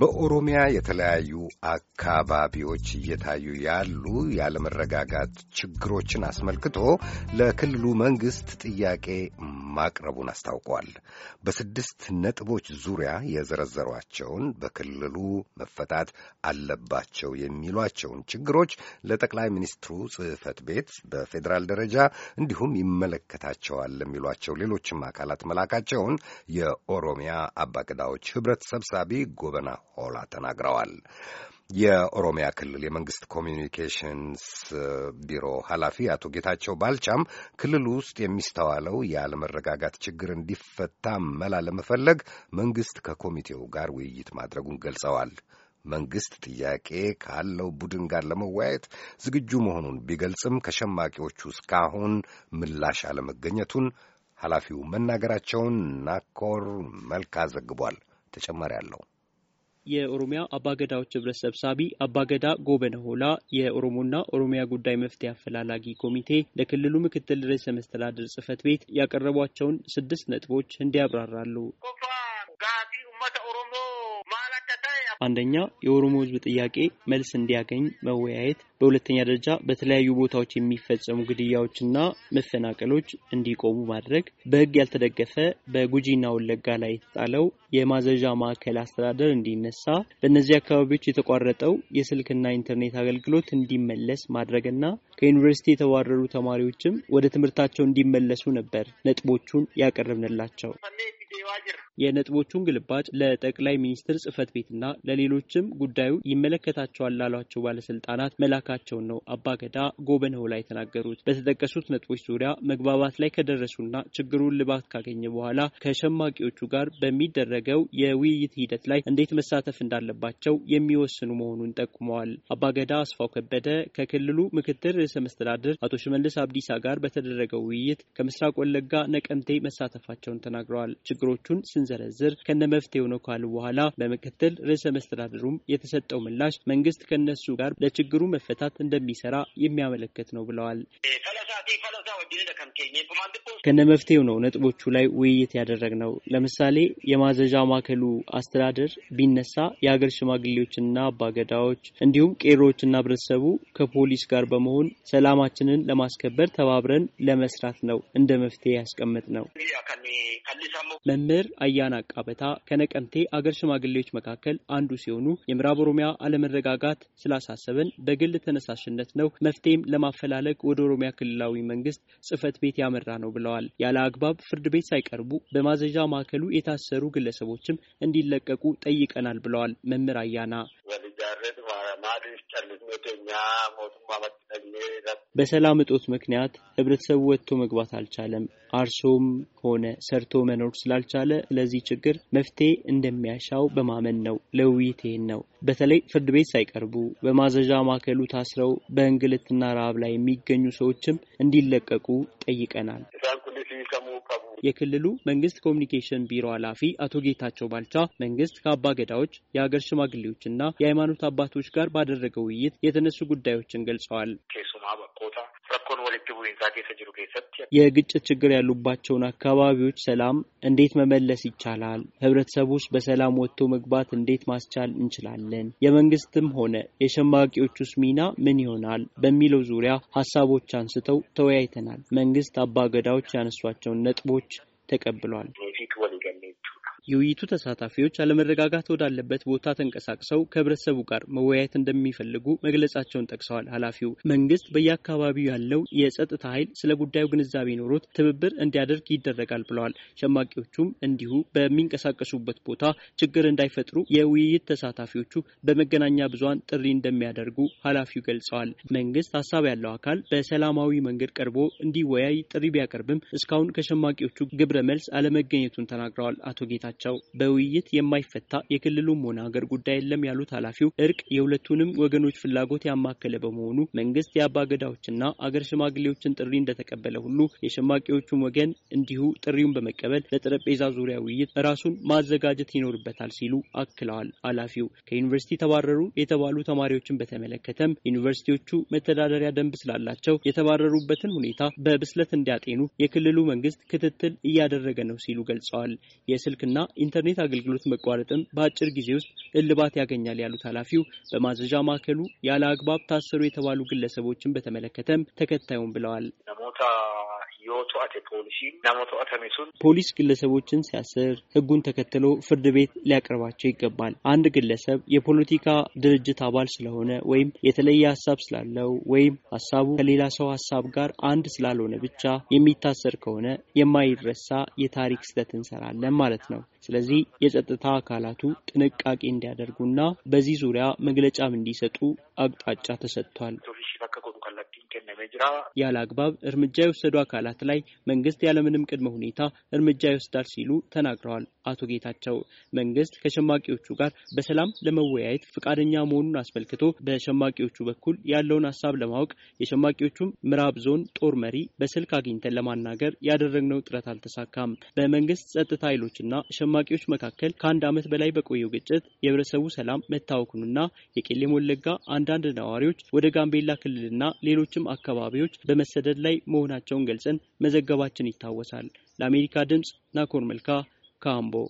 በኦሮሚያ የተለያዩ አካባቢዎች እየታዩ ያሉ ያለመረጋጋት ችግሮችን አስመልክቶ ለክልሉ መንግስት ጥያቄ ማቅረቡን አስታውቋል። በስድስት ነጥቦች ዙሪያ የዘረዘሯቸውን በክልሉ መፈታት አለባቸው የሚሏቸውን ችግሮች ለጠቅላይ ሚኒስትሩ ጽህፈት ቤት በፌዴራል ደረጃ እንዲሁም ይመለከታቸዋል ለሚሏቸው ሌሎችም አካላት መላካቸውን የኦሮሚያ አባገዳዎች ህብረት ሰብሳቢ ጎበና ኦላ ተናግረዋል። የኦሮሚያ ክልል የመንግስት ኮሚኒኬሽንስ ቢሮ ኃላፊ አቶ ጌታቸው ባልቻም ክልል ውስጥ የሚስተዋለው የአለመረጋጋት ችግር እንዲፈታ መላ ለመፈለግ መንግስት ከኮሚቴው ጋር ውይይት ማድረጉን ገልጸዋል። መንግስት ጥያቄ ካለው ቡድን ጋር ለመወያየት ዝግጁ መሆኑን ቢገልጽም ከሸማቂዎቹ እስካሁን ምላሽ አለመገኘቱን ኃላፊው መናገራቸውን ናኮር መልካ ዘግቧል። ተጨማሪ አለው የኦሮሚያ አባገዳዎች ህብረት ሰብሳቢ አባገዳ ጎበነ ሆላ የኦሮሞና ኦሮሚያ ጉዳይ መፍትሄ አፈላላጊ ኮሚቴ ለክልሉ ምክትል ርዕሰ መስተዳድር ጽህፈት ቤት ያቀረቧቸውን ስድስት ነጥቦች እንዲያብራራሉ። አንደኛ የኦሮሞ ህዝብ ጥያቄ መልስ እንዲያገኝ መወያየት፣ በሁለተኛ ደረጃ በተለያዩ ቦታዎች የሚፈጸሙ ግድያዎችና መፈናቀሎች እንዲቆሙ ማድረግ፣ በህግ ያልተደገፈ በጉጂና ወለጋ ላይ የተጣለው የማዘዣ ማዕከል አስተዳደር እንዲነሳ፣ በእነዚህ አካባቢዎች የተቋረጠው የስልክና ኢንተርኔት አገልግሎት እንዲመለስ ማድረግና ከዩኒቨርሲቲ የተባረሩ ተማሪዎችም ወደ ትምህርታቸው እንዲመለሱ ነበር ነጥቦቹን ያቀረብንላቸው። የነጥቦቹን ግልባጭ ለጠቅላይ ሚኒስትር ጽህፈት ቤትና ለሌሎችም ጉዳዩ ይመለከታቸዋል ላሏቸው ባለስልጣናት መላካቸውን ነው አባገዳ ጎበነው ላይ ተናገሩት። በተጠቀሱት ነጥቦች ዙሪያ መግባባት ላይ ከደረሱና ችግሩን ልባት ካገኘ በኋላ ከሸማቂዎቹ ጋር በሚደረገው የውይይት ሂደት ላይ እንዴት መሳተፍ እንዳለባቸው የሚወስኑ መሆኑን ጠቁመዋል። አባገዳ አስፋው ከበደ ከክልሉ ምክትል ርዕሰ መስተዳድር አቶ ሽመልስ አብዲሳ ጋር በተደረገው ውይይት ከምስራቅ ወለጋ ነቀምቴ መሳተፋቸውን ተናግረዋል። ችግሮቹን ስንዘረዝር ከነ መፍትሄ ነው ካሉ በኋላ በምክትል ርዕሰ መስተዳድሩም የተሰጠው ምላሽ መንግስት ከነሱ ጋር ለችግሩ መፈታት እንደሚሰራ የሚያመለክት ነው ብለዋል። ከነ መፍትሄ ነው ነጥቦቹ ላይ ውይይት ያደረግነው። ለምሳሌ የማዘዣ ማዕከሉ አስተዳደር ቢነሳ የሀገር ሽማግሌዎችና አባገዳዎች እንዲሁም ቄሮዎችና ህብረተሰቡ ከፖሊስ ጋር በመሆን ሰላማችንን ለማስከበር ተባብረን ለመስራት ነው እንደ መፍትሄ ያስቀመጥ ነው። መምህር አያና ቃበታ ከነቀምቴ አገር ሽማግሌዎች መካከል አንዱ ሲሆኑ የምዕራብ ኦሮሚያ አለመረጋጋት ስላሳሰበን በግል ተነሳሽነት ነው መፍትሄም ለማፈላለግ ወደ ኦሮሚያ ክልላዊ መንግስት ጽህፈት ቤት ያመራ ነው ብለዋል። ያለ አግባብ ፍርድ ቤት ሳይቀርቡ በማዘዣ ማዕከሉ የታሰሩ ግለሰቦችም እንዲለቀቁ ጠይቀናል ብለዋል መምህር አያና በሰላም እጦት ምክንያት ህብረተሰቡ ወጥቶ መግባት አልቻለም። አርሶም ሆነ ሰርቶ መኖር ስላልቻለ ለዚህ ችግር መፍትሄ እንደሚያሻው በማመን ነው። ለውይይት ይህን ነው። በተለይ ፍርድ ቤት ሳይቀርቡ በማዘዣ ማዕከሉ ታስረው በእንግልትና ረሃብ ላይ የሚገኙ ሰዎችም እንዲለቀቁ ጠይቀናል። የክልሉ መንግስት ኮሚኒኬሽን ቢሮ ኃላፊ አቶ ጌታቸው ባልቻ መንግስት ከአባ ገዳዎች፣ የሀገር ሽማግሌዎችና የሃይማኖት አባቶች ጋር ባደረገው ውይይት የተነሱ ጉዳዮችን ገልጸዋል። የግጭት ችግር ያሉባቸውን አካባቢዎች ሰላም እንዴት መመለስ ይቻላል? ህብረተሰቡስ በሰላም ወጥቶ መግባት እንዴት ማስቻል እንችላለን? የመንግስትም ሆነ የሸማቂዎቹስ ሚና ምን ይሆናል? በሚለው ዙሪያ ሀሳቦች አንስተው ተወያይተናል። መንግስት አባገዳዎች ያነሷቸውን ነጥቦች ተቀብሏል። የውይይቱ ተሳታፊዎች አለመረጋጋት ወዳለበት ቦታ ተንቀሳቅሰው ከህብረተሰቡ ጋር መወያየት እንደሚፈልጉ መግለጻቸውን ጠቅሰዋል። ኃላፊው መንግስት በየአካባቢው ያለው የጸጥታ ኃይል ስለ ጉዳዩ ግንዛቤ ኖሮት ትብብር እንዲያደርግ ይደረጋል ብለዋል። ሸማቂዎቹም እንዲሁ በሚንቀሳቀሱበት ቦታ ችግር እንዳይፈጥሩ የውይይት ተሳታፊዎቹ በመገናኛ ብዙሃን ጥሪ እንደሚያደርጉ ኃላፊው ገልጸዋል። መንግስት ሀሳብ ያለው አካል በሰላማዊ መንገድ ቀርቦ እንዲወያይ ጥሪ ቢያቀርብም እስካሁን ከሸማቂዎቹ ግብረ መልስ አለመገኘቱን ተናግረዋል። አቶ ጌታቸው ናቸው። በውይይት የማይፈታ የክልሉም ሆነ ሀገር ጉዳይ የለም ያሉት ኃላፊው እርቅ የሁለቱንም ወገኖች ፍላጎት ያማከለ በመሆኑ መንግስት የአባገዳዎችና አገር ሽማግሌዎችን ጥሪ እንደተቀበለ ሁሉ የሸማቂዎቹም ወገን እንዲሁ ጥሪውን በመቀበል ለጠረጴዛ ዙሪያ ውይይት ራሱን ማዘጋጀት ይኖርበታል ሲሉ አክለዋል። ኃላፊው ከዩኒቨርሲቲ ተባረሩ የተባሉ ተማሪዎችን በተመለከተም ዩኒቨርሲቲዎቹ መተዳደሪያ ደንብ ስላላቸው የተባረሩበትን ሁኔታ በብስለት እንዲያጤኑ የክልሉ መንግስት ክትትል እያደረገ ነው ሲሉ ገልጸዋል። የስልክና ኢንተርኔት አገልግሎት መቋረጥም በአጭር ጊዜ ውስጥ እልባት ያገኛል ያሉት ኃላፊው በማዘዣ ማዕከሉ ያለ አግባብ ታሰሩ የተባሉ ግለሰቦችን በተመለከተም ተከታዩም ብለዋል። ፖሊስ ግለሰቦችን ሲያስር ህጉን ተከትሎ ፍርድ ቤት ሊያቀርባቸው ይገባል። አንድ ግለሰብ የፖለቲካ ድርጅት አባል ስለሆነ ወይም የተለየ ሀሳብ ስላለው ወይም ሀሳቡ ከሌላ ሰው ሀሳብ ጋር አንድ ስላልሆነ ብቻ የሚታሰር ከሆነ የማይረሳ የታሪክ ስህተት እንሰራለን ማለት ነው። ስለዚህ የጸጥታ አካላቱ ጥንቃቄ እንዲያደርጉና በዚህ ዙሪያ መግለጫም እንዲሰጡ አቅጣጫ ተሰጥቷል። ያለ አግባብ እርምጃ የወሰዱ አካላት ላይ መንግስት ያለምንም ቅድመ ሁኔታ እርምጃ ይወስዳል ሲሉ ተናግረዋል። አቶ ጌታቸው መንግስት ከሸማቂዎቹ ጋር በሰላም ለመወያየት ፈቃደኛ መሆኑን አስመልክቶ በሸማቂዎቹ በኩል ያለውን ሀሳብ ለማወቅ የሸማቂዎቹም ምዕራብ ዞን ጦር መሪ በስልክ አግኝተን ለማናገር ያደረግነው ጥረት አልተሳካም። በመንግስት ጸጥታ ኃይሎችና ሸማቂዎች መካከል ከአንድ ዓመት በላይ በቆየው ግጭት የህብረተሰቡ ሰላም መታወኩንና የቄለም ወለጋ አንዳንድ ነዋሪዎች ወደ ጋምቤላ ክልልና ሌሎችም አካባቢ አካባቢዎች በመሰደድ ላይ መሆናቸውን ገልጸን መዘገባችን ይታወሳል። ለአሜሪካ ድምፅ ናኮር መልካ ካምቦ